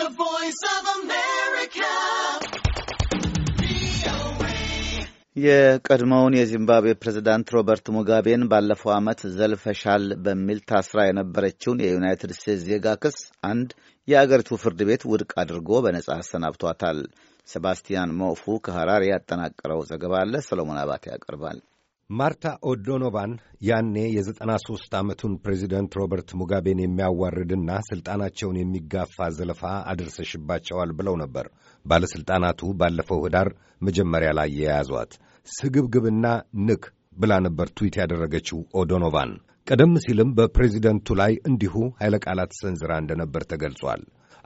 The Voice of America. የቀድሞውን የዚምባብዌ ፕሬዝዳንት ሮበርት ሙጋቤን ባለፈው ዓመት ዘልፈሻል በሚል ታስራ የነበረችውን የዩናይትድ ስቴትስ ዜጋ ክስ አንድ የአገሪቱ ፍርድ ቤት ውድቅ አድርጎ በነጻ አሰናብቷታል። ሴባስቲያን ሞፉ ከሐራር ያጠናቀረው ዘገባ አለ። ሰሎሞን አባቴ ያቀርባል። ማርታ ኦዶኖቫን ያኔ የዘጠና ሦስት ዓመቱን ፕሬዚደንት ሮበርት ሙጋቤን የሚያዋርድና ሥልጣናቸውን የሚጋፋ ዘለፋ አድርሰሽባቸዋል ብለው ነበር ባለሥልጣናቱ ባለፈው ኅዳር መጀመሪያ ላይ የያዟት። ስግብግብና ንክ ብላ ነበር ትዊት ያደረገችው ኦዶኖቫን። ቀደም ሲልም በፕሬዚደንቱ ላይ እንዲሁ ኃይለ ቃላት ሰንዝራ እንደነበር ተገልጿል።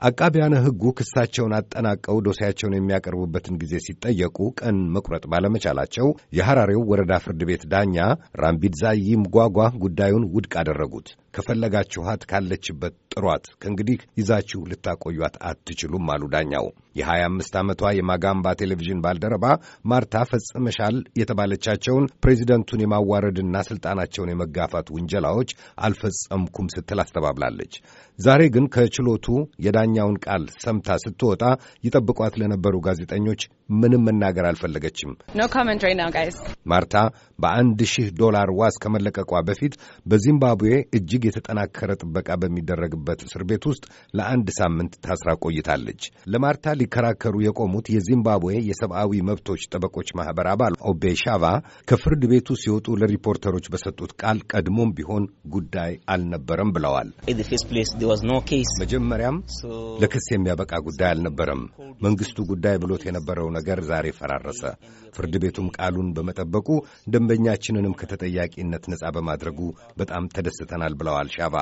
አቃቢያነ ሕጉ ክሳቸውን አጠናቀው ዶሴያቸውን የሚያቀርቡበትን ጊዜ ሲጠየቁ ቀን መቁረጥ ባለመቻላቸው የሐራሬው ወረዳ ፍርድ ቤት ዳኛ ራምቢድዛይ ምጓጓ ጉዳዩን ውድቅ አደረጉት። ከፈለጋችኋት ካለችበት ጥሯት፣ ከእንግዲህ ይዛችሁ ልታቆዩት አትችሉም አሉ ዳኛው። የ25 ዓመቷ የማጋምባ ቴሌቪዥን ባልደረባ ማርታ ፈጽመሻል የተባለቻቸውን ፕሬዚደንቱን የማዋረድና ስልጣናቸውን የመጋፋት ውንጀላዎች አልፈጸምኩም ስትል አስተባብላለች። ዛሬ ግን ከችሎቱ የዳ የዳኛውን ቃል ሰምታ ስትወጣ ይጠብቋት ለነበሩ ጋዜጠኞች ምንም መናገር አልፈለገችም። ማርታ በአንድ ሺህ ዶላር ዋስ ከመለቀቋ በፊት በዚምባብዌ እጅግ የተጠናከረ ጥበቃ በሚደረግበት እስር ቤት ውስጥ ለአንድ ሳምንት ታስራ ቆይታለች። ለማርታ ሊከራከሩ የቆሙት የዚምባብዌ የሰብአዊ መብቶች ጠበቆች ማኅበር አባል ኦቤሻቫ ከፍርድ ቤቱ ሲወጡ ለሪፖርተሮች በሰጡት ቃል ቀድሞም ቢሆን ጉዳይ አልነበረም ብለዋል። መጀመሪያም ለክስ የሚያበቃ ጉዳይ አልነበረም። መንግሥቱ ጉዳይ ብሎት የነበረው ነገር ዛሬ ፈራረሰ። ፍርድ ቤቱም ቃሉን በመጠበቁ ደንበኛችንንም ከተጠያቂነት ነጻ በማድረጉ በጣም ተደስተናል ብለዋል ሻቫ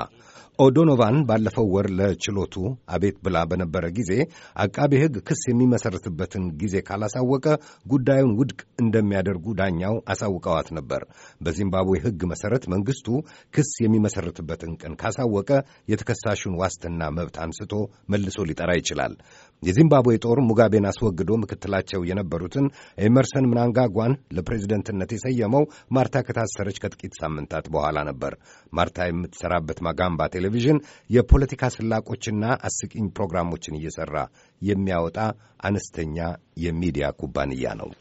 ኦዶኖቫን ባለፈው ወር ለችሎቱ አቤት ብላ በነበረ ጊዜ አቃቤ ሕግ ክስ የሚመሠረትበትን ጊዜ ካላሳወቀ ጉዳዩን ውድቅ እንደሚያደርጉ ዳኛው አሳውቀዋት ነበር። በዚምባብዌ ሕግ መሠረት መንግሥቱ ክስ የሚመሠረትበትን ቀን ካሳወቀ የተከሳሹን ዋስትና መብት አንስቶ መልሶ ሊጠራ ይችላል። የዚምባብዌ ጦር ሙጋቤን አስወግዶ ምክትላቸው የነበሩትን ኤመርሰን ምናንጋጓን ለፕሬዚደንትነት የሰየመው ማርታ ከታሰረች ከጥቂት ሳምንታት በኋላ ነበር። ማርታ የምትሰራበት ማጋምባ ቴሌቪዥን የፖለቲካ ስላቆችና አስቂኝ ፕሮግራሞችን እየሰራ የሚያወጣ አነስተኛ የሚዲያ ኩባንያ ነው።